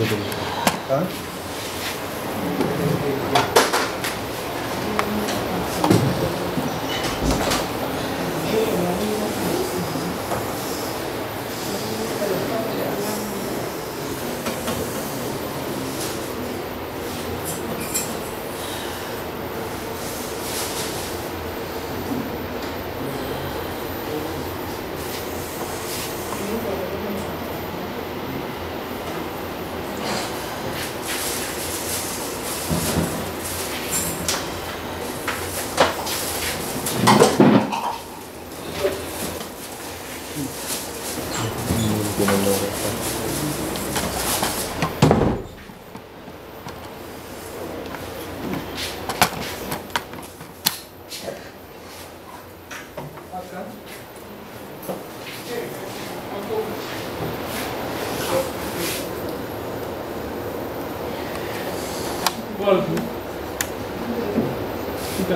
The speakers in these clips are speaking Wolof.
bëgg ah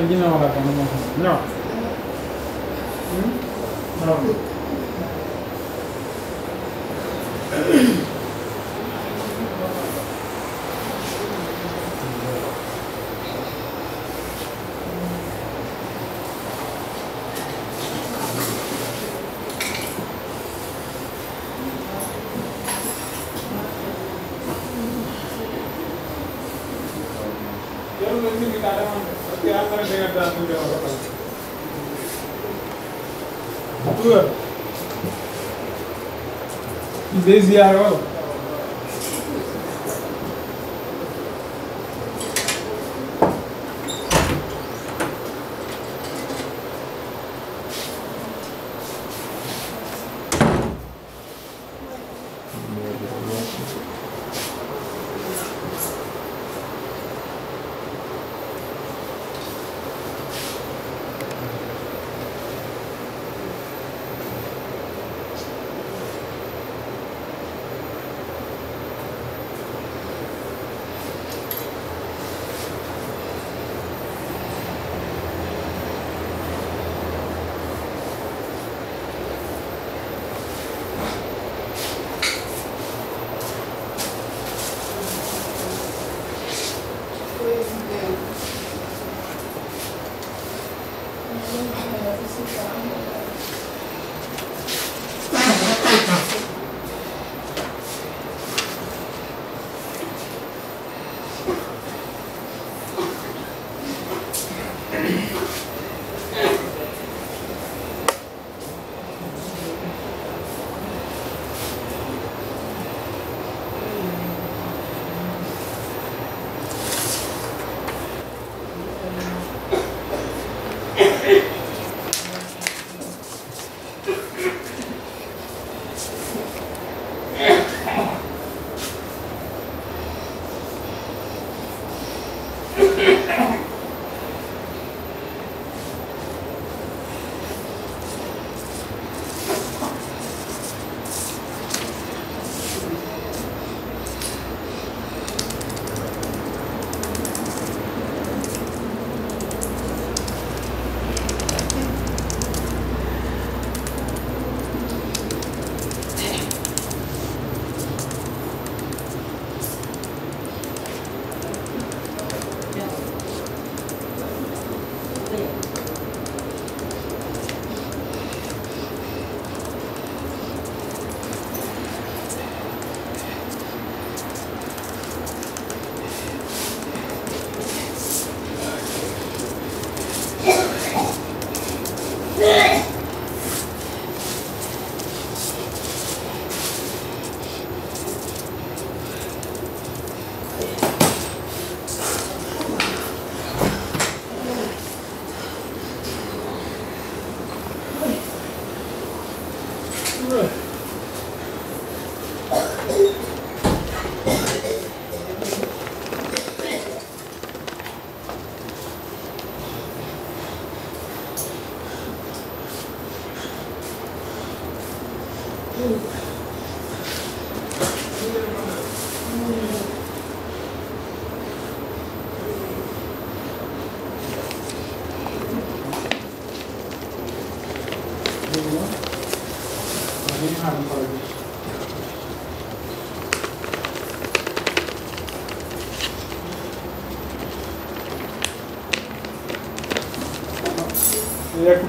ginnaaw la daanaka nga war a am. tuura. ñu ngi lay ziar wala.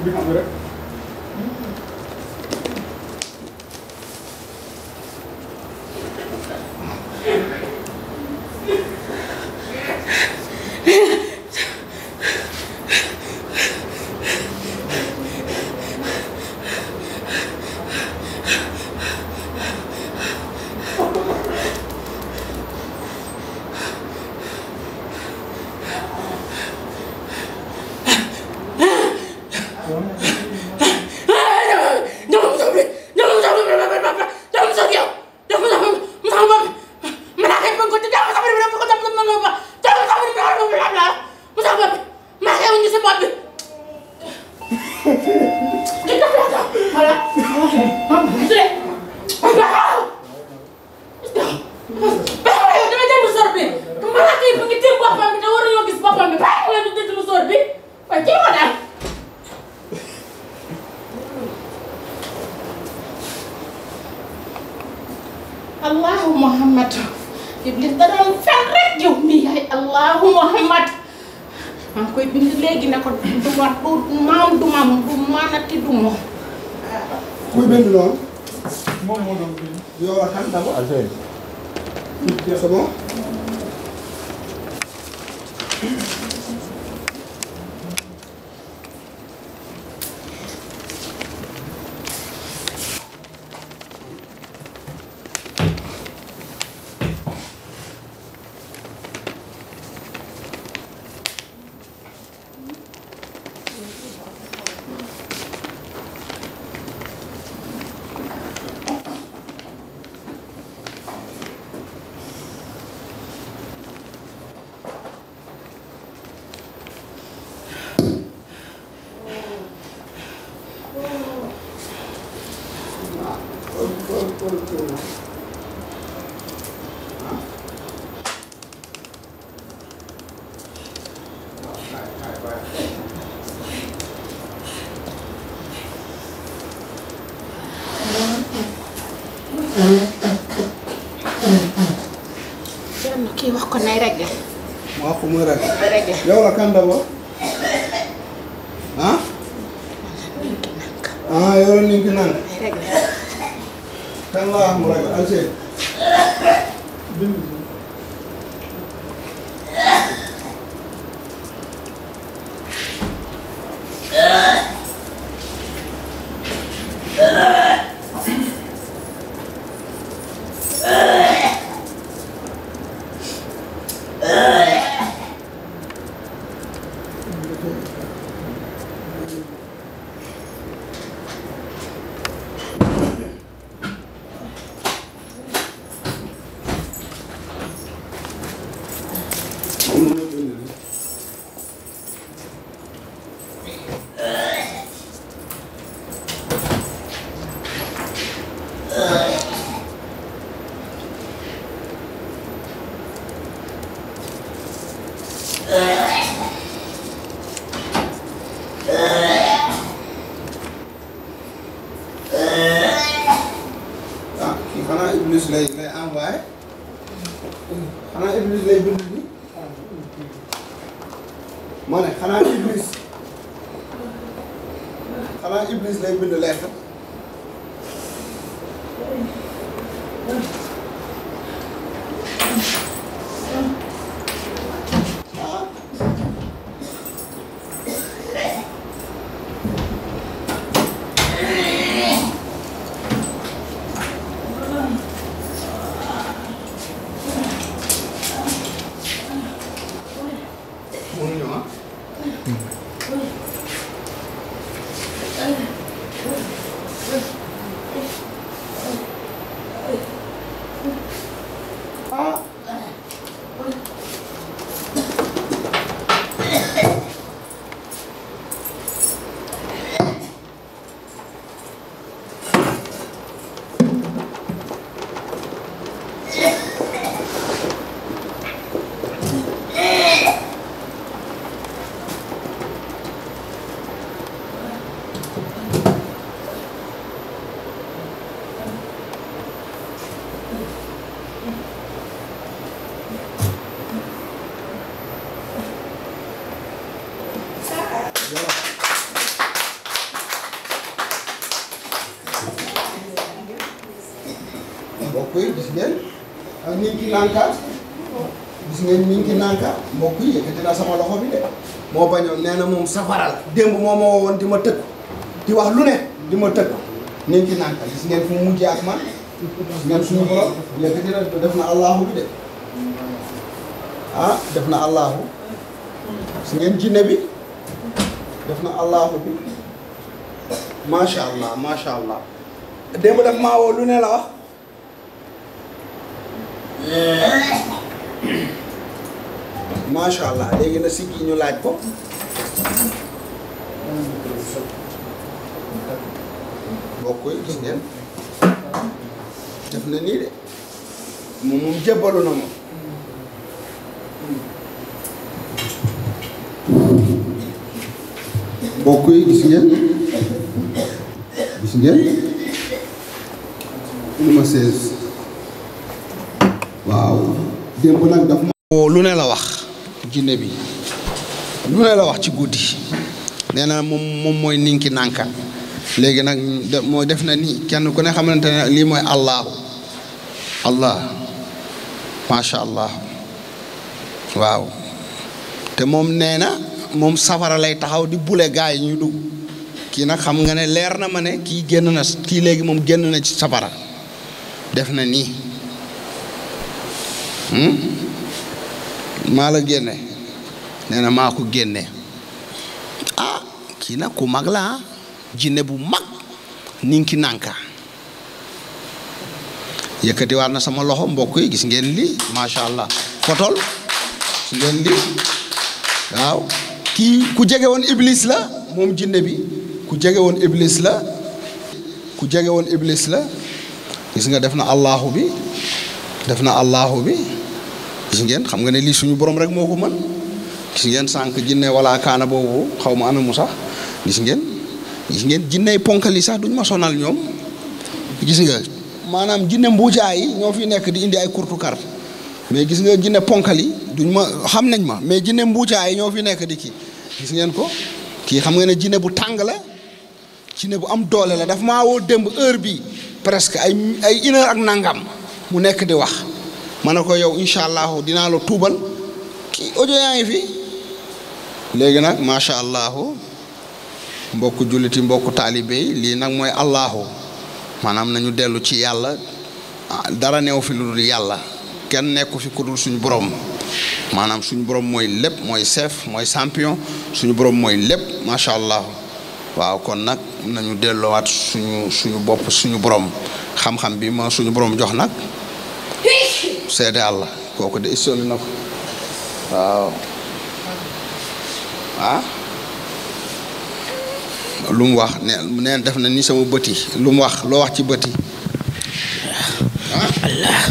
bi xam nga rek muy reggae. yow la kan d'abord nanka gis ngeen ñi ngi nanka mbokk yi yëkkati na sama loxo bi de moo bañoon nee na moom safara la démb moo ma wowoon di ma tëgg di wax lu ne di ma tëgg ñi ngi nanka gis ngeen fu mu mujjee ak man gis ngeen suñu borom yëkkati def na allahu bi de ah, def na allahu gis ngeen jinne bi def na allahu bi macha allah démb daf maa lu ne la wax macha allah léegi na siggi ñu laaj ko. mbokk yi gis ngeen def na nii de moom moom jébbalu na moom. mbokk yi gis ngeen gis ngeen. numéro 16. waaw lu ne la wax jinne bi lu ne la wax ci guddi nee na moom moom mooy ninki nànka léegi nag moo def na nii kenn ku ne xamante ne lii mooy allahu allah macha allah waaw te moom nee na moom safara lay taxaw di bule gaa yi ñu dugg kii nag xam nga ne leer na ma ne kii génn na kii léegi moom génn na ci safara def na nii Hmm? maa la génne nee maa ko génne a ah, kii nag ku mag la ah. jinne bu mag ninki nànka yëkkatiwaat na sama loxo mbokk yi gis ngeen li macha allah fotol su ngeen li waaw kii ku jege woon iblis la moom jinne bi ku jege woon iblis la ku jege woon iblis la gis nga def na allahu bi def na allahu bi gis ngeen xam nga ne lii suñu borom rek moo ko mën gis ngeen sànq jinne wala kaana boobu xaw ma ana mu sax gis ngeen gis ngeen jinne ponkali sax duñ ma sonal ñoom gis nga maanaam jinne mbuujaay yi ñoo fi nekk di indi ay kurtu kar mais gis nga jinne ponkal yi duñ ma xam nañ ma mais jinne mbuujaay yi ñoo fi nekk di kii gis ngeen ko kii xam nga ne jinne bu tàng la jinne bu am doole la daf maa woo démb heure bi presque ay ay une ak nangam mu nekk di wax ma ne ko yow incha allahu dinaa la tuubal ki audio yaa fi léegi nag macha allahu mbokku julliti mbokku taalibe yi lii nag mooy allahu maanaam nañu dellu ci yàlla ah, dara neew fi lu dul yàlla kenn nekku fi ku suñu borom maanaam suñu borom mooy lépp mooy chef mooy champion suñu borom mooy lépp macha allah waaw kon nag nañu delloowaat suñu suñu bopp suñu borom xam-xam bi ma suñu borom jox nag. seede àlla kooku de isoli na ko waaw lu mu wax neen def na ni sama bët lu mu wax loo wax ci bët yi allah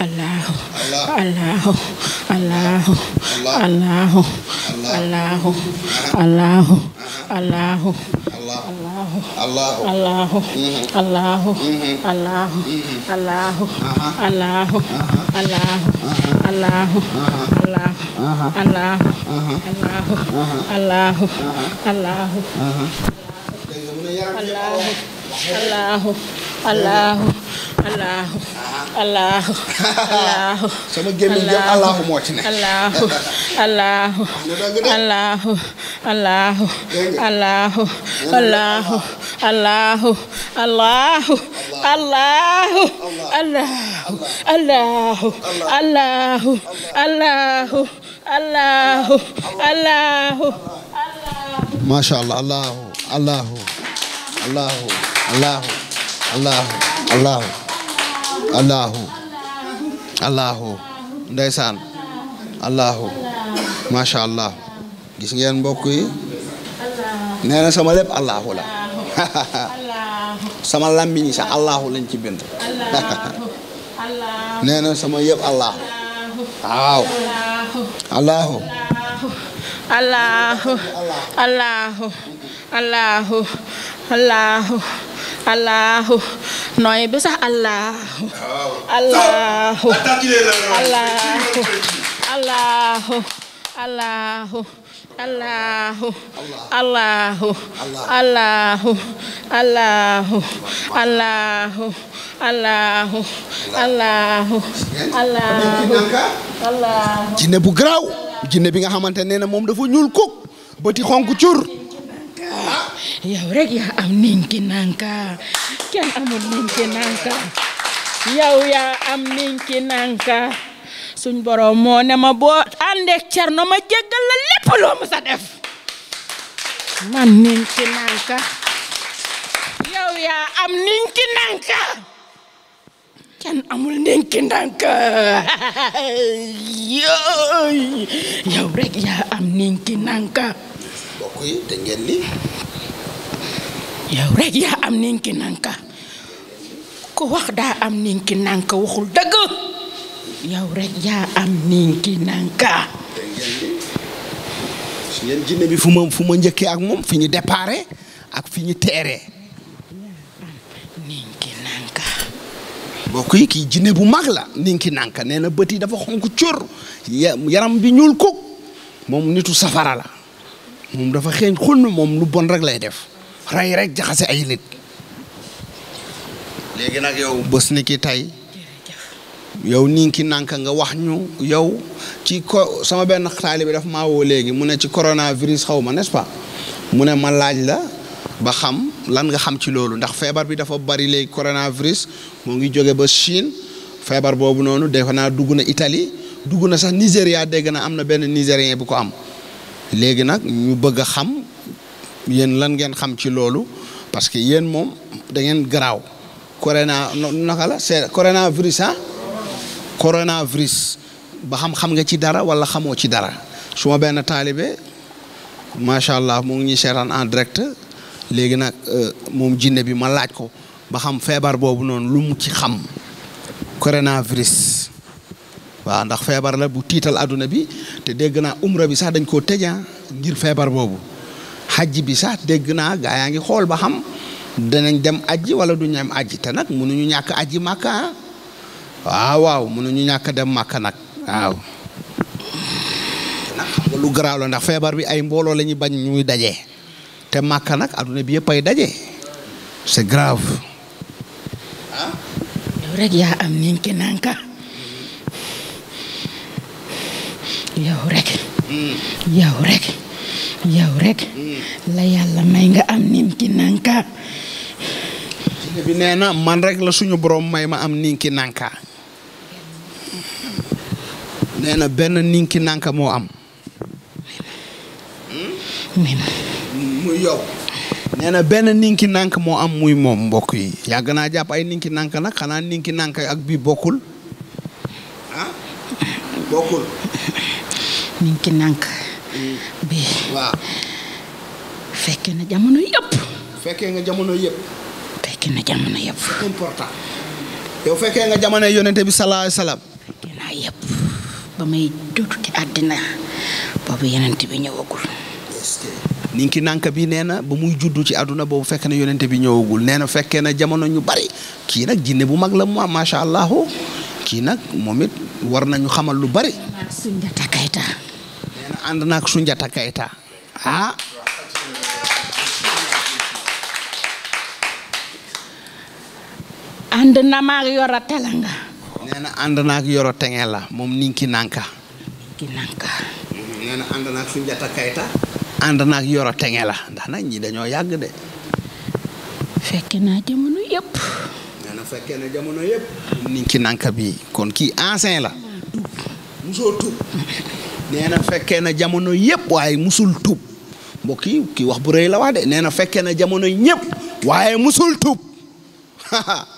allah allah allah allahu allahu allahu allahu allahu allahu allahu allahu allahu allahu allahu allahu allahu allahu allahu allahu allahu sama gémmiñ jëm allahu moo ci ne allahu allahu allahu allahu allahu allahu allahu allahu allahu allahu allahu allahu allahu allahu allahu allahu macha allah allahu allahu allahu allahu allahu allahu allahu allahu ndeysaan allahu gis ngeen mbokk yi nee na sama lépp allahu la sama làmmiñ sax allahu lañ ci bind nee sama yëpp allahu waaw allahu allahu allahu allahu nooy du sax allahu allahu allahu allahu allahu allahu allahu allahu allahu allahu allahu allahu allahu jinne bu garaaw jinne bi nga xamante ne moom dafa ñuul kuk bëti xonk cur Ah. yow rek yaa am ninki nanka kenn amul ninki nanka yow yaa am ninki nanka suñ borom moo ne ma boo àndeek cerno ma jéggal la lépp loo ma sa def man ninki nanka yow yaa am ninki nanka kenn amul ninki nanka yow rek yaa am ninki nanka mbokk yi te ngeen yaa am ninki nanka ku wax daa am ninki nanka waxul dëgg yow rek yaa am ninki nanka su ngeen jinne bi fu ma njëkkee ak moom fi ñu déparé ak fi ñu teeree ninki nanka mbokk yi kii jinne bu mag la ki nanka nee na bët yi dafa xonk cur yaram bi ñuul kuk moom nitu safara la moom dafa xeeñ xul moom lu bon rek lay def rey rek jaxase ay nit. léegi nag yow bës ni ki tey yow nii ki nanka nga wax ñu yow ci ko sama benn taalibe daf maa woo léegi mu ne ci coronavirus xaw ma n'est-ce mu ne ma laaj la ba xam lan nga xam ci loolu ndax feebar bi dafa bari léegi coronavirus moo ngi jóge ba Chine feebar boobu noonu defe naa dugg na itali dugg na sax Nigéria dégg na am na benn Nigérien bu ko am. léegi nag ñu bëgg a xam yéen lan ngeen xam ci loolu parce que yéen moom da ngeen garaaw. corona naka la c'est coronavirus ah. coronavirus ba xam xam nga ci dara wala xamoo ci dara. su ma benn taalibe macha allah mu ngi ñuy seetaan en direct léegi nag euh, moom jinne bi ma laaj ko ba xam feebar boobu noonu lu mu ci xam. coronavirus. waaw ndax feebar la bu tiital àdduna bi te dégg naa umra bi sax dañ koo tëja ah ngir feebar boobu xajj bi sax dégg naa gaa yaa ngi xool ba xam danañ dem ajji wala duñ ñu dem ajji te nag mënuñu ñàkk ajji màkka ah. waaw waaw mënuñu ñàkk dem màkka nag waaw lu garaaw la ndax feebar bi ay mbooloo lañuy ñuy bañ ñuy daje te màkka nag adduna bi yëpp ay daje c'est grave yaa am ninki nanka yow rek yow rek la yàlla may am nim ki bi nee man rek la suñu boroom may ma am ninki nanka nee na benn ninki nanka moo am muy na benn ninki nank moo am muy moom mbokk yi yàgg naa jàpp ay ninki nank nag xanaa ninki nank ak bi bokkul bokkul. ki nànk. Mm. bi waaw. fekkee na jamono yëpp. fekkee nga jamono yëpp. fekkee na jamono yëpp. bi salaahu salaam. fekkee naa yëpp ba may jotu ci àddina boobu yonente bi ñëwagul. ninki nànk bi nee na ba muy juddu ci àdduna boobu fekkee na yonente bi ñëwagul nee na fekkee na jamono ñu bari kii nag jinne bu mag la mu macha allah. kii nag moom it war nañu xamal lu bari. Soundiata Keita. ànd naag Soundiata Keita ah. ànd na maag yoro telanga. la moom ninki nanka. ninki nanka. Mm-hmm. nee na ànd naag Soundiata Keita. ànd naag yoro tenge la ndax nag ñi dañoo yàgg de. fekke naa jamono yëpp. fekkee ne jamono yëpp ni ci nànk bi kon kii ancien la musoo tuub nee na fekkee na jamono yépp waaye musul tuub mbokk ki wax bu rëy la wax de nee na fekkee na jamono ñëpp waaye musul tuub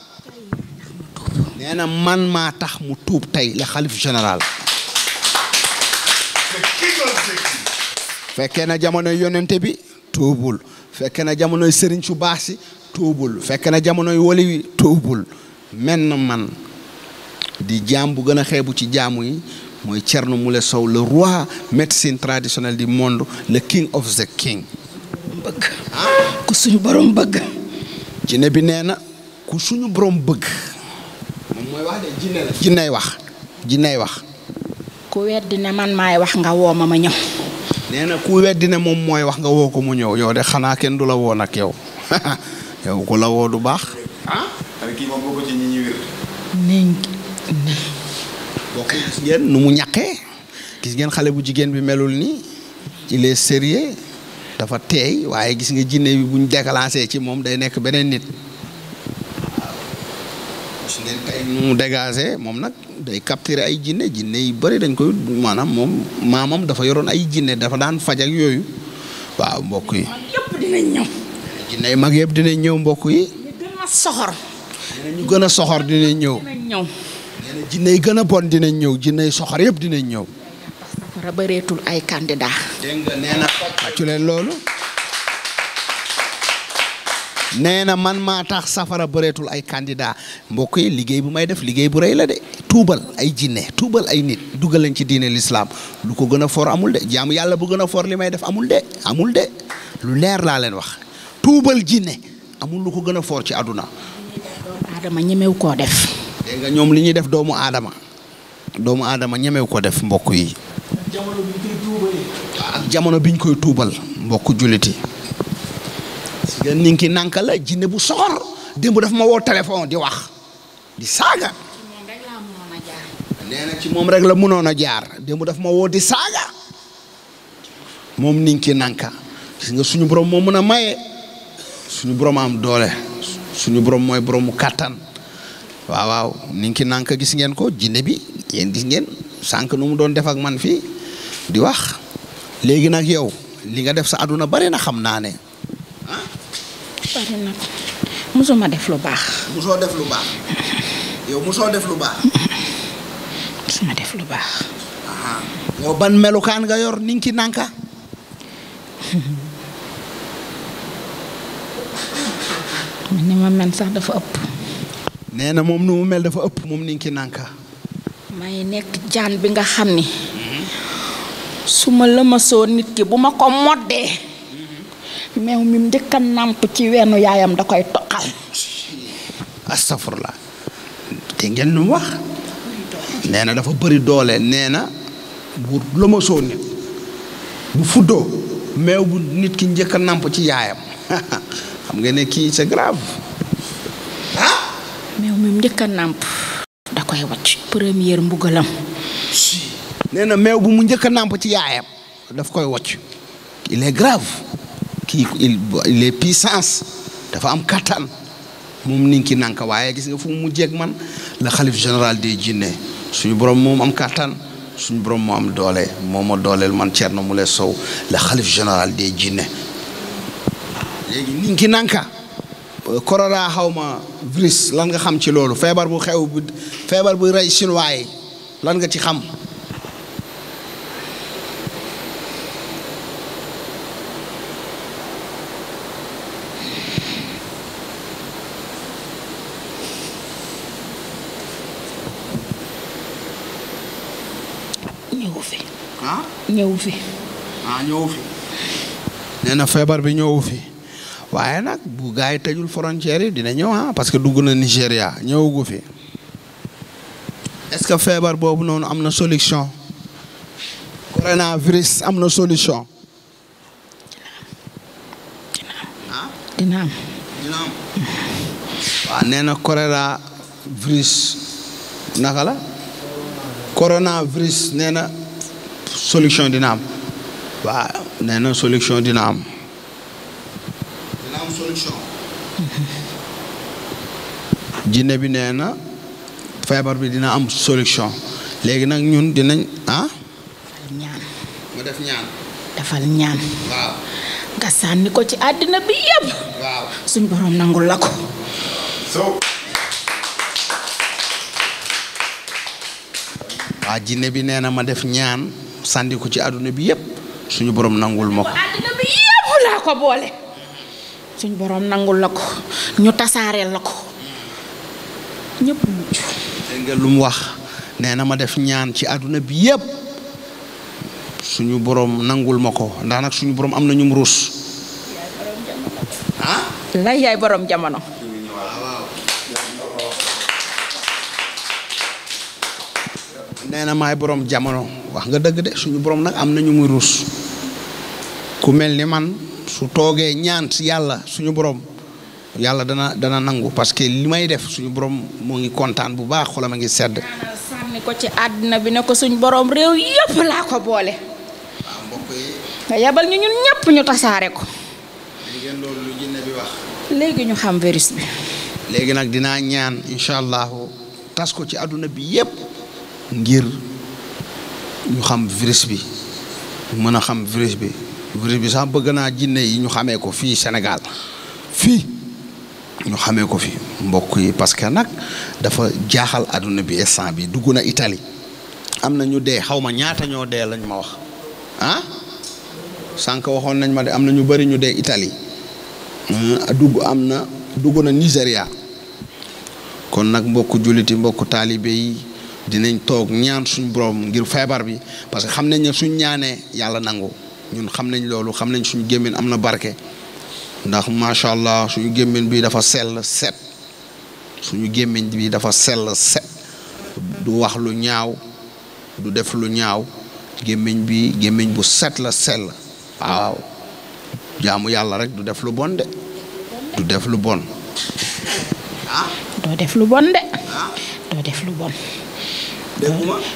nee na man maa tax mu tuub tey la xalif général fekkee na jamono yonente bi tuubul fekkee na jamono sëriñ su baax si tuubul fekk na jamonoy wali wi menn man di jaam bu gën a xeebu ci jaamu yi mooy Thierno Moule Sow le roi médecine traditionnelle di monde le king of the king ku suñu borom bëgg jinne bi nee na ku suñu borom bëgg moom mooy wax de jinne la wax jinney wax ku weddi ne man maay wax nga woo ma ma ñëw na ku weddi moom mooy wax nga woo ko mu ñëw yow de xanaa kenn du la woon ak yow yow ko la woo du baax. Ah? nii. gis ngeen nu mu ñaqee gis ngeen xale bu jigéen bi melul nii il est sérieux dafa teey waaye gis nga jinne bi buñ déclenché ci moom day nekk beneen nit. mu dégagé moom nag day capturer ay jinne jinne yu bari dañ koy moom maamam dafa yoroon ay jinne dafa daan faj yooyu waaw mbokk yi. jinne mag yëpp dina ñëw mbokk yi. ñu gën a soxor. dina ñëw. dinañ jinne yi gën a bon dina ñëw jinne yi soxor yëpp dinañ ñëw. safara bareetul ay candidat. dégg nga loolu. nee na man maa tax safara bëreetul ay candidat mbokk yi liggéey bu may def liggéey bu rëy la de tuubal ay jinne tuubal ay nit dugal leen ci diine lislaam lu ko gën a for amul de jaamu yàlla bu gën a for li may def amul de amul de lu leer laa leen wax tuubal jinne amul lu ko gën a foor ci àdduna doomu aadama koo def dégg ñoom li ñuy def doomu aadama doomu aadama ñemew koo def mbokku yi jamono bi koy ak jamono bi koy tuubal mbokku jullit yi parce que ni la jinne bu soxor démb dafa ma woo téléphone di wax di saaga moom rek la mënoon a jaar démb dafa ma woo di saaga moom ni ki nànka nga suñu borom moo mën a maye suñu borom am doole suñu borom mooy boromu kàttan waaw waaw ni ki nànk gis ngeen ko jinne bi yéen gis ngeen sànq nu mu doon def ak man fii di wax léegi nag yow li nga def sa àdduna bari na xam naa ne ah. bari def lu baax. musoo def lu baax yow musoo def lu baax. musuma def lu baax. yow ban melukaan nga yor ni ni ma mel sax dafa ëpp. nee na moom nu mu mel dafa ëpp moom Ninki Nanka. may nekk jaan bi nga xam ni. su ma lëmasoo nit ki bu ma ko moddee. meew mi njëkk a nàmp ci weenu yaayam da koy toqal. astafurla te ngeen lu wax. nee na dafa bari doole nee na bu lëmasoo nit bu fuddoo meew bu nit ki njëkk nàmp ci yaayam. xam nga ne kii c'est grave. ah. mais moom njëkk a nàmp. da koy wàcc première mbugalam. nee na meew bu mu njëkk a nàmp ci yaayam daf koy wàcc. il est grave. kii il il puissance. dafa am kattan. moom ni ki nanka waaye gis nga fu mu mujjee man la xalif général des jinne suñu borom moom am kattan suñu borom moo am doole moom ma dooleel man Thierno Moule Sow la xalif général des jinne léegi ngi nanka korona euh, xawma ma lan nga xam ci loolu feebar bu xew feebar bu rey chinois yi lan nga ci xam ñëw fi ah ñëw fi ah na feebar bi ñëw fi waaye nag bu gars yi tëjul frontière yi dina ñëw ah parce que dugg na ñëw gu fi est-ce que feebar boobu noonu am na solution coronavirus am na solution. Ah? dina am dina am. waaw nee na coronavirus naka la. coronavirus nee na solution dina am. waaw nee na solution dina am. am bi nee na feebar bi dina am solution léegi nag ñun dinañ ah. ñaan mu def ñaan. dafal nga sànni ko ci àddina bi yëpp. suñ borom nangul la ko. so. waa jinne bi nee na ma def ñaan sànni ko ci àdduna bi yépp suñu boroom nangul ma ko. àddina bi yëpp laa ko boole. suñ boroom nangul la ko ñu tasaareel la ko ñëpp mucc. dégg nga lu wax nee na ma def ñaan ci àdduna bi yëpp suñu borom nangul ma ko ndax nag suñu am na mu ruus. ah. jamono. nee na maay borom jamono wax nga dëgg de suñu borom nag am na ñu ruus ku mel ni man. su toogee ñaan si yàlla suñu borom yàlla dana dana nangu parce que li may def suñu borom moo ngi kontaan bu baax xolam a ngi sedd. sànni ko ci àdduna bi ne ko suñu borom réew yëpp laa ko boole. nga yabal ñu ñun ñëpp ñu tasaare ko. léegi ñu xam virus bi. léegi nag dinaa ñaan incha allahu tas ko ci àdduna bi yëpp. ngir ñu xam virus bi mën a xam virus bi. virus bi sax bëgg naa jinne yi ñu xamee ko fii senegal fii ñu xamee ko fi mbokk yi parce que nag dafa jaaxal àdduna bi instant bi dugg na itali am na ñu dee xaw ma ñaata ñoo dee lañ ma wax ah sànq waxoon nañ ma de am na ñu bëri ñu dee itali ah, dugg am na dugg na Nigéria kon nag mbokku julliti mbokku taalibe yi dinañ toog ñaan suñ borom ngir feebar bi parce que xam nañ ne suñ ñaanee yàlla nangu. ñun xam nañ loolu xam nañ suñu gémmiñ am na barke ndax macha allah suñu gémmiñ bi dafa sell set suñu gémmiñ bi dafa sell set du wax lu ñaaw du def lu ñaaw gémmiñ bi gémmiñ bu set la sell waaw jaamu yàlla rek du def lu bon de du def lu bon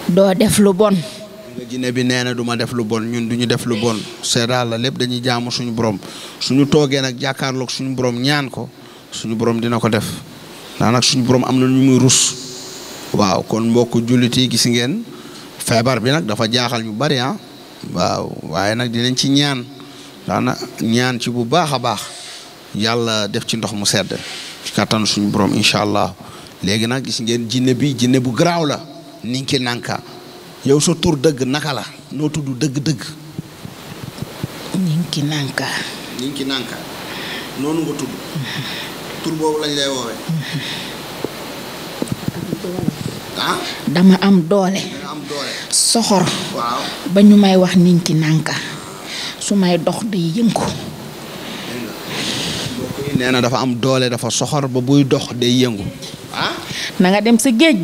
doo def lu bon ah. jinne bi nee na du def lu bon ñun du ñu def lu bon seedaal la lépp dañuy jaamu suñu borom suñu toogee nag jàkkaarloog suñu borom ñaan ko suñu borom dina ko def ndax nag suñu borom am na ñu muy rus waaw kon mbokk jullit yi gis ngeen feebar bi nag dafa jaaxal ñu bari ah waaw waaye nag dinañ ci ñaan daana ñaan ci bu baax a baax yàlla def ci ndox mu sedd ci suñu borom incha allah léegi nag gis ngeen jinne bi jinne bu garaaw la ninki nanka yow sa tur dëgg naka la noo tudd dëgg-dëgg. Ninki Nanka. Ninki Nanka noonu ah? dama am doole. soxor. waaw ba ñu may wax Ninki Nanka su may dox di yëngu. nee na dafa am doole dafa soxor ba buy dox day yëngu. ah. dem sa géej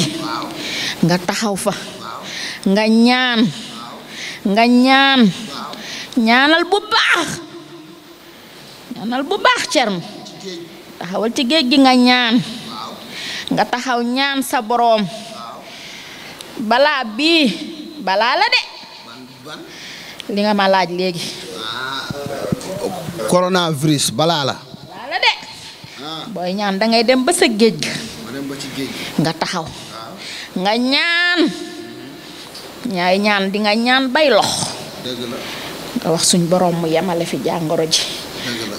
nga taxaw fa. nga ñaan nga ñaan ñaanal bu baax ñaanal bu baax cernu taxawal ci géej gi nga ñaan nga taxaw ñaan sa boroom balaa bii balaa la de li nga ma laaj léegi coronavirus balaa la balaa de booy ñaan dangay dem ba sa géej ga nga taxaw nga ñaan ñaay ñaan di nga ñaan bay lox nga wax suñ borom mu yemale fi jàngoro ji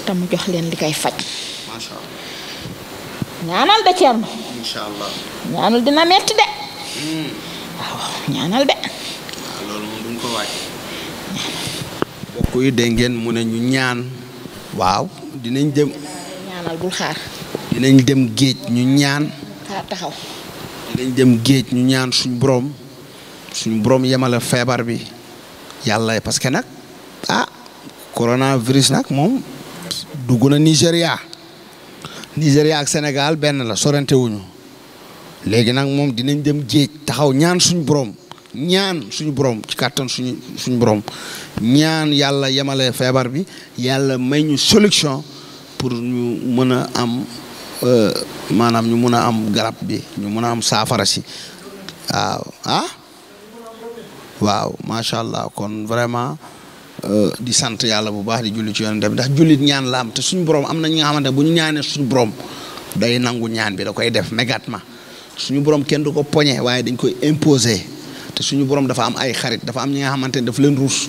te mu jox leen li koy faj macha ñaanal de Thierno incha allah dina metti de hmm. waaw de ngeen mu ne ñu ñaan waaw dinañ dem ñaanal bul xaar dinañ dem géej ñu ñaan xaar taxaw dinañ dem géej ñu ñaan suñ boroom suñu borom yemale feebar bi yàlla parce que nag ah coronavirus nag moom dugg na Nigéria Nigéria ak Sénégal benn la sorante wuñu léegi nag moom dinañ dem géej taxaw ñaan suñ borom ñaan suñu borom ci kàttan suñu suñu borom ñaan yàlla yemale feebar bi yàlla may ñu solution pour ñu mën a am euh, maanaam ñu mën a am garab bi ñu mën a am saafara si ah waaw macha allah kon vraiment euh, di sant yàlla bu baax di julli ci yonent bi ndax jullit ñaan la te suñu borom am na ñi nga xamante ne bu ñu ñaanee suñu borom day nangu ñaan bi da koy def mégatement suñu borom kenn du ko poñe waaye dañ koy imposer te suñu borom dafa am ay xarit dafa am ñi nga xamante ne daf leen ruus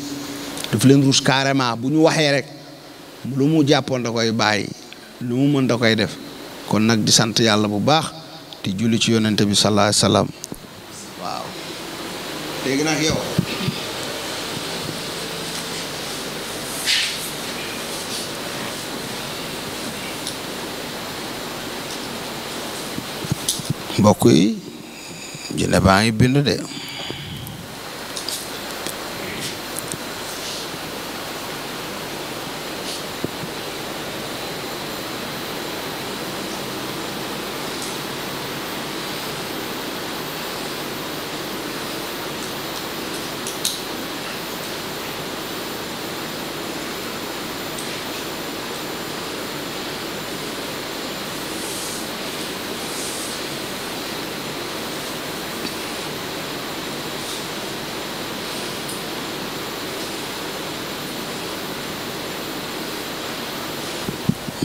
daf leen ruus carrément bu ñu waxee rek lu mu jàppoon da koy bàyyi lu mu mën da koy def kon nag di sant yàlla bu baax di julli ci yonent bi sallallahu alayhi léegi nag yow mbokk yi jinne baa bind de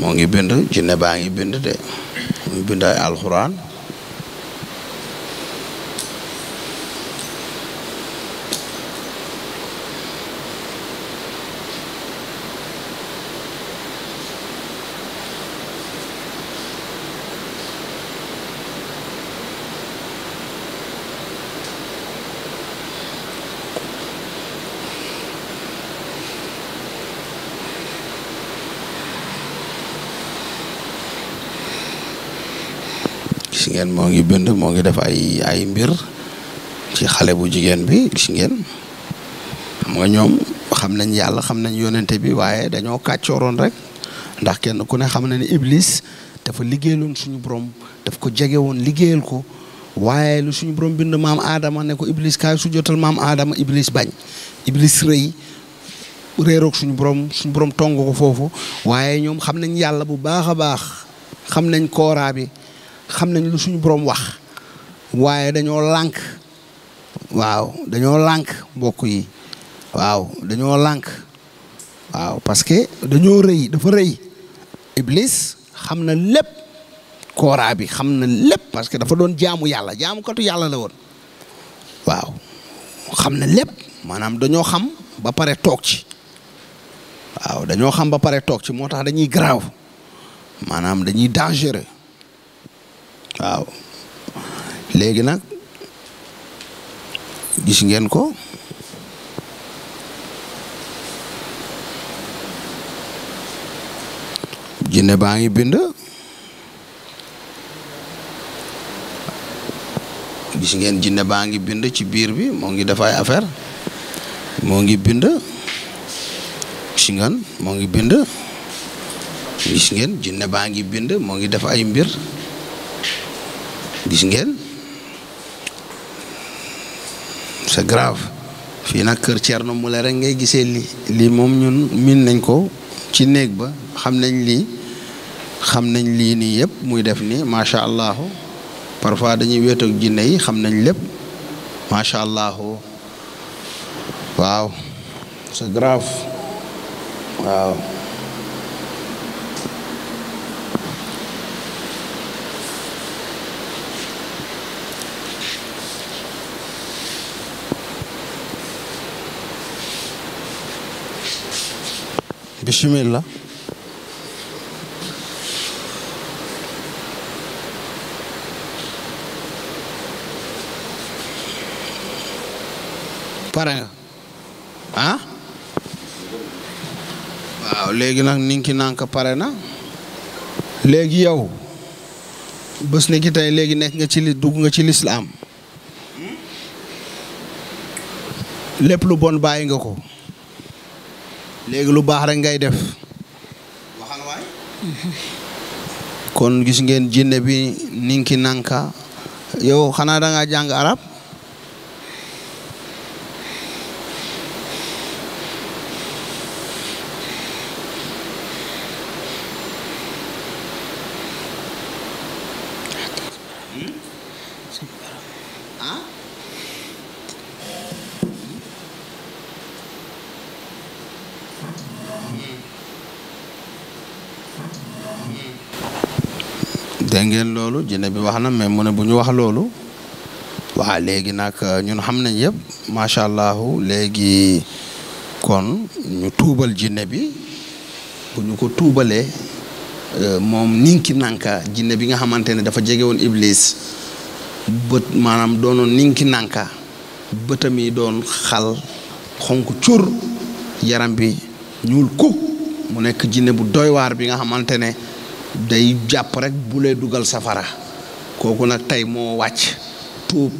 moo ngi bind jinne baa ngi bind de muy bind ay alxuraan gis ngeen moo ngi bind moo ngi def ay ay mbir ci xale bu jigéen bi gis ngeen xam nga ñoom xam nañ yàlla xam nañ yonente bi waaye dañoo kàccooroon rek ndax kenn ku ne xam na ne iblis dafa liggéeyloon suñu borom def ko jege woon liggéeyal ko waaye lu suñu borom bind maam aadama ne ko iblis kaay su jotal maam aadama iblis bañ iblis rëy réeroog suñ borom suñu borom tong ko foofu waaye ñoom xam nañ yàlla bu baax a baax xam nañ kooraa xam nañ lu suñu borom wax waaye dañoo lank waaw dañoo lank mbokk yi waaw dañoo lànk waaw parce que dañoo rëy dafa rëy iblis xam na lépp kooraa bi xam na lépp parce que dafa doon jaamu yàlla jaamukatu yàlla la woon waaw xam na lépp maanaam dañoo xam ba pare toog ci waaw dañoo xam ba pare toog ci moo tax dañuy grave maanaam dañuy dangereux waaw léegi nag gis ngeen ko jinne baa ngi bind gis ngeen jinne baa ngi bind ci biir bi moo ngi def ay affaire moo ngi bind gis ngeen moo ngi bind gis ngeen jinne baa ngi bind moo ngi def ay mbir gis ngeen c'est grave fii nag kër Thierno Moule rek ngay gisee lii lii moom ñun miin nañ ko ci néeg ba xam nañ lii xam nañ lii nii yëpp muy def ni macha allah parfois dañuy wéetoog jinne yi xam nañ lépp macha allah waaw c'est grave waaw. chimère la pare nga ah waaw léegi nag ninki nanka pare na léegi yow bés ni ki tey léegi nekk nga ci dugg nga ci lislaam lépp lu bon bàyyi nga ko léegi lu baax rek ngay def waxal kon gis ngeen jinne bi ninki nanka yow xanaa da ngaa jàng arab dégg loolu jinne bi wax na mais mu ne bu ñu wax loolu waa léegi nag euh, ñun xam nañ yëpp macha allah léegi kon ñu tuubal jinne bi bu ñu ko tuubalee euh, moom ninki nanka jinne bi nga xamante ne dafa jegewoon woon iblis bët maanaam doonoon ninki nanka bëtam yi doon xal xonk cur yaram bi ñuul ku mu nekk jinne bu doy waar bi nga xamante ne day jàpp rek bu lay dugal safara kooku nag tey moo wàcc tuub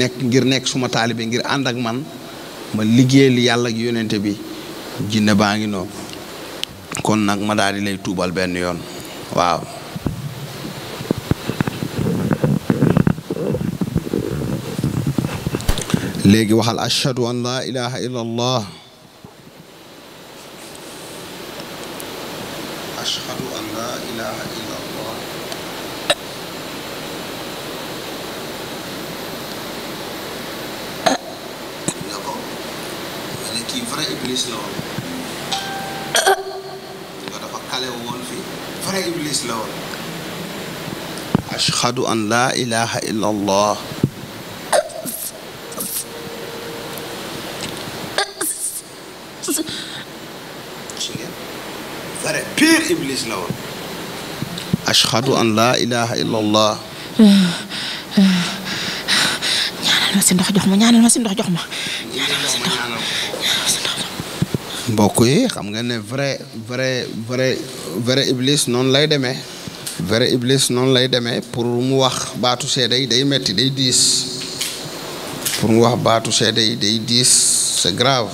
nekk ngir nekk suma taalibe ngir ànd ak man ma liggéeyal yàlla ak bi jinne baa ngi noonu kon nag ma daal di lay tuubal benn yoon waaw léegi waxal ashhadu an laa ilaha illa iblis la woon nga dafa kale woon fi vrai iblis la woon ashhadu an laa ilaha illa allah su ngeen vrai pire iblis la woon ashhadu an laa ilaha illa allah ñaanal ma si ndox jox ma ñaanal ma si ndox jox ma ñaanal ma si ndox mbokk yi xam nga ne vrai vrai vrai iblis noonu lay demee vrai iblis noonu lay demee pour mu wax baatu seede yi day metti day diis pour mu wax baatu seede yi day diis c'est grave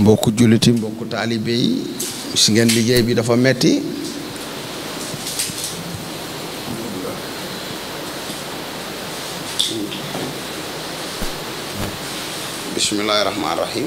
mbokk julliti mbokku taalibe yi si ngeen liggéey bi dafa metti bismillahi rahmaani rahim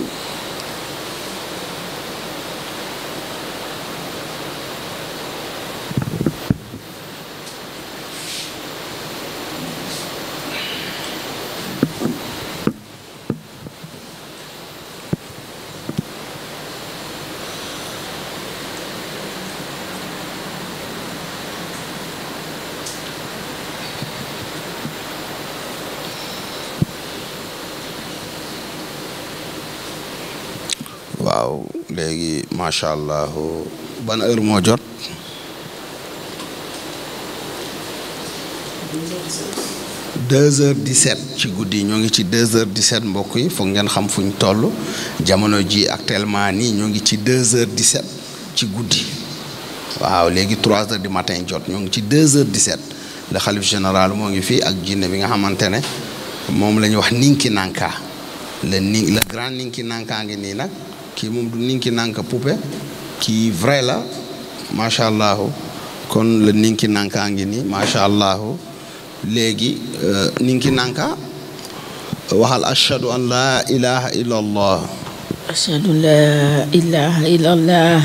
macha allah ban heure moo jot. deux heures dix-sept ci guddi ñoo ngi ci deux heures dix-sept mbokk yi foog ngeen xam fuñ toll jamono ji actuellement nii ñoo ngi ci deux heures dix-sept ci guddi waaw léegi trois heures du matin jot ñoo ngi ci deux heures dix-sept le xalif général moo ngi fii ak jinne bi nga xamante ne moom la ñu wax ninki nanka le ninki nanka ngi nii nag kii moom du ninki nànka poupée kii vrai la macha allah kon la ninki nànkaa ngi nii macha allah léegi euh, ninki nànka waxal ashhadu an laa ilaha illa allah ashhadu an laa ilaha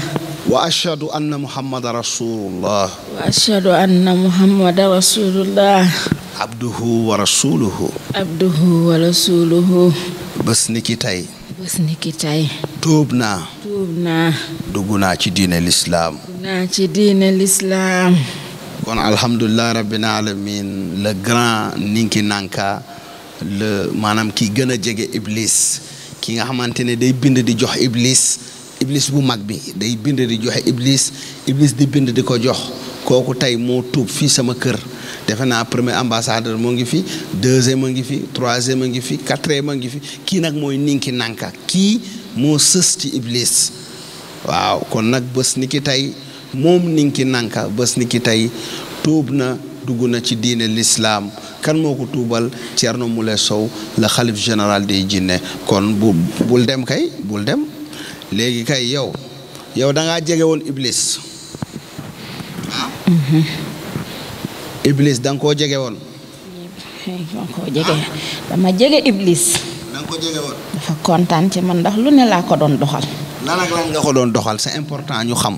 wa ashhadu anna muhammadan rasulullah wa ashhadu anna muhammadan rasulullah wa rasuluhu abduhu wa rasuluhu tuub naa. dugg naa ci diine lislaam. dugg naa ci diine lislaam. kon alhamdulilah rabbil alamin le grand Ninki Nanka le maanaam ki gën a jege iblis ki nga xamante ne day bind di jox iblis iblis bu mag bi day bind di joxe iblis iblis di bind di ko jox kooku tey moo tuub fii sama kër. defe naa premier ambassadeur moo ngi fi deuxième a ngi fi troisième a ngi fi quatrième a ngi fi kii nag mooy Ninki Nanka kii. moo sës ci iblis waaw kon nag bés ni ki tey moom ninki nanka bës ni ki tey tuub na dugg na ci diine lislaam kan moo ko tuubal Thierno Moule Sow la xalif général des jinne kon bu bul dem kay bul dem léegi kay yow yow da ngaa jege woon iblis iblis da koo jege woon dama jege iblis dafa kontaan ci man ndax lu ne laa ko doon doxal. lan doon doxal c'est important ñu xam.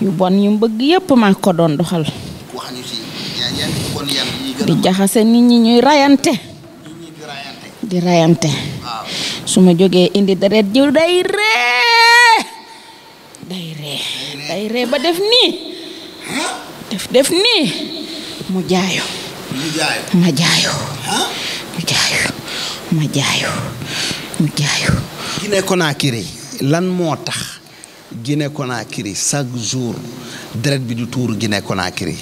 yu bon yu mbëgg yépp maa ko doon doxal. di jaxase nit ñi ñuy rayante. di rayante. su ma jógee indi deret jiw day ree day ree day ree ba def nii def def nii mu jaayo ma jaayo mu jaayo ma jaayu ma jaayu. lan moo tax Guinée Conakry chaque jour deret bi du tuur Guinée Conakry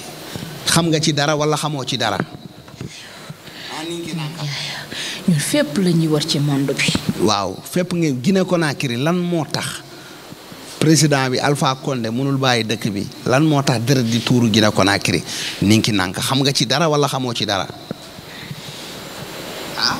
xam nga ci dara wala xamoo ci dara. fépp la ñuy war ci monde bi. waaw fépp nga lan moo tax président bi Alpha Condé mënul bàyyi dëkk bi lan moo tax deret di tuuru Guinée Conakry ninki nank xam nga ci dara walla xamoo ci dara ah?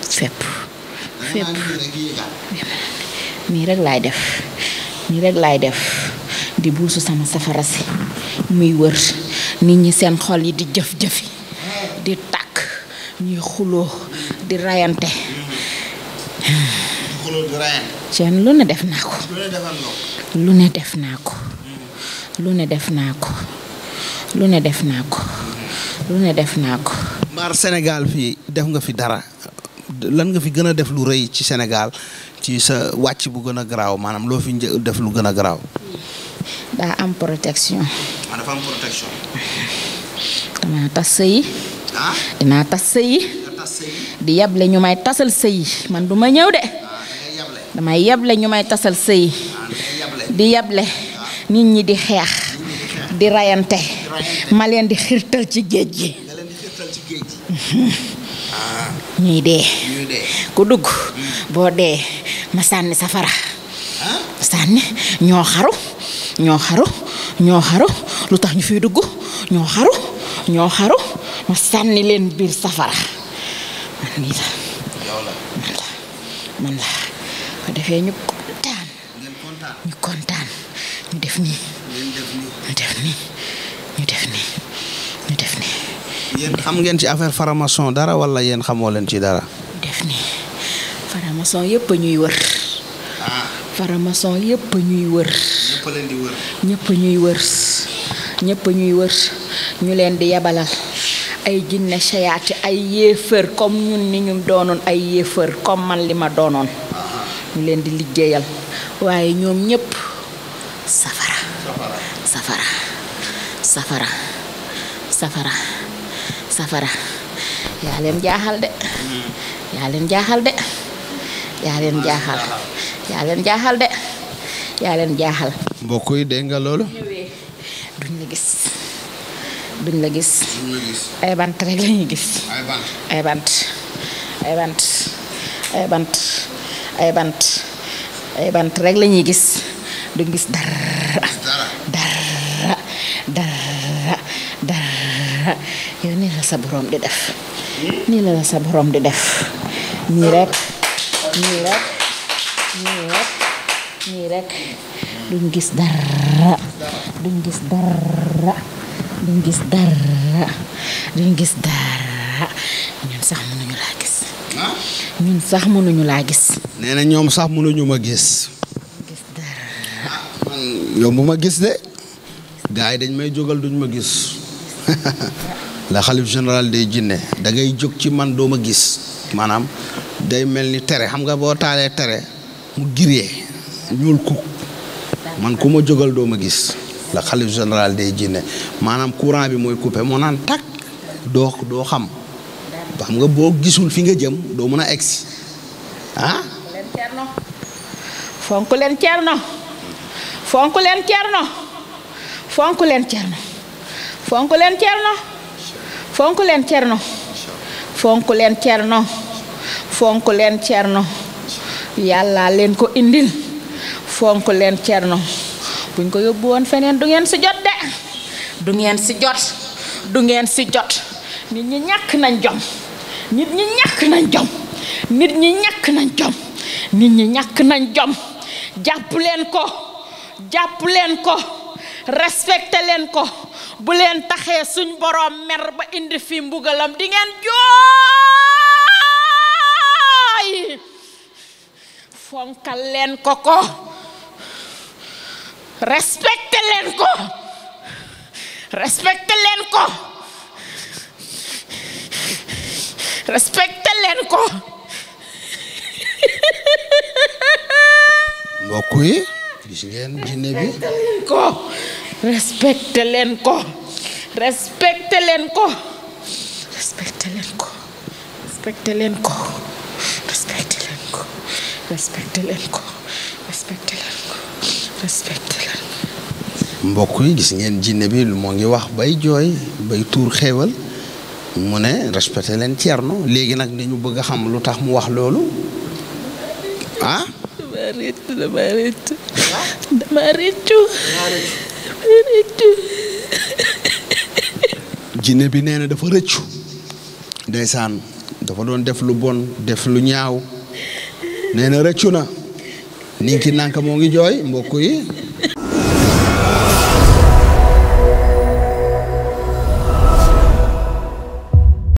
fépp fépp nii rek laay def nii rek laay def di buusu sama safara si muy wër nit ñi seen xol yi di jëf jëfi di tàkk ñuy xuloo di reyante seen lu ne def lu ne def naa ko lu ne def naa ko lu ne def naa ko lu ne def naa ko mbaar Sénégal fii def nga fi dara lan nga fi gën a def lu rëy ci Sénégal ci sa wàcc bu gën a garaaw maanaam loo fi def lu gën a garaaw. daa am protection. ah tas sëy. ah dinaa tas sëy. di yable ñu may tasal sëy man du ma ñëw de. Ah, damay yable ñu may tasal sëy. Ah, di yable ah. nit ñi di xeex. di rayante. ma leen di xirtal ci géej gi. ñuy dee ku dugg boo dee ma sànni safara sànni ñoo xaru ñoo xaru ñoo xaru lu tax ñu fiy dugg ñoo xaru ñoo xaru ma sànni leen biir safara man mii la man defee ñu kontaan ñu kontaan ñu def nii yéen xam ngeen ci affaire faramason dara walla yéen xamoo leen ci dara. def ni faramason yëpp ñuy wër. Ah. faramason yëpp ñuy wër. ñuy wër ñuy wër ñu leen di yabalal. ay jinne shayaati ay yéefër comme ñun ni ñu doonoon ay yéefër comme man li ma doonoon ah. ñu leen di liggéeyal waaye ñoom ñépp safara safara safara safara safara yaa leen jaaxal de yaa leen jaaxal de yaa leen jaaxal yaa leen jaaxal de yaa leen jaaxal mbokk yi dégg nga loolu duñ la gis duñ la gis ay bant rek lañuy gis ay bant ay bant ay bant ay bant ay bant rek gis duñ gis dara yow nii la sa borom di def nii la sa borom di def nii rek nii rek nii rek duñ gis dara duñ gis dara duñ gis dara duñ ah? sax mënuñu laa gis nee na ñoom sax mënuñu ma gis gis dara yow bu ma gis de gars yi dañ may jógal duñ ma gis la xalif général day jinne da ngay jóg ci man doo gis maanaam day mel ni tere xam nga boo taalee tere mu giree ñuul ku man ku ma jógal doo ma gis la xalif général day jinne maanaam courant bi mooy coupé moo naan takk doo doo xam xam nga boo gisul fi nga jëm doo mën a egsi ah? fonk leen cerno fonk fonk leen no fonk leen no fonk leen no yàlla leen ko indil fonk leen cerno buñ ko yóbbu woon feneen du ngeen si jot de du ngeen si jot du ngeen si jot nit ñi ñàkk nañ jom nit ñi ñàkk nañ jom nit ñi ñàkk nañ jom nit ñi ñàkk nañ jom jàpp leen ko jàpp leen ko respecté leen ko bu leen taxee suñ boroom mer ba indi fi mbugalam di jooy fonkal leen ko ko respecté leen ko respecté leen ko respecté leen ko mbokk yi gis ngeen jinne bi ko respecté leen ko respecté leen ko respecté leen ko respecté leen yi gis ngeen jinne bi lu moo ngi wax bay jooy bay tuur xéewal mu ne respecté leen Thierno léegi nag dañu bëgg a xam lu tax mu wax loolu ah dama rëccu dama rëccu ah? dama rëccu jinne bi nee na dafa rëccu ndeysaan dafa doon def lu bon def lu ñaaw nee na rëccu na ninki nanka moo ngi jooy mbokk yi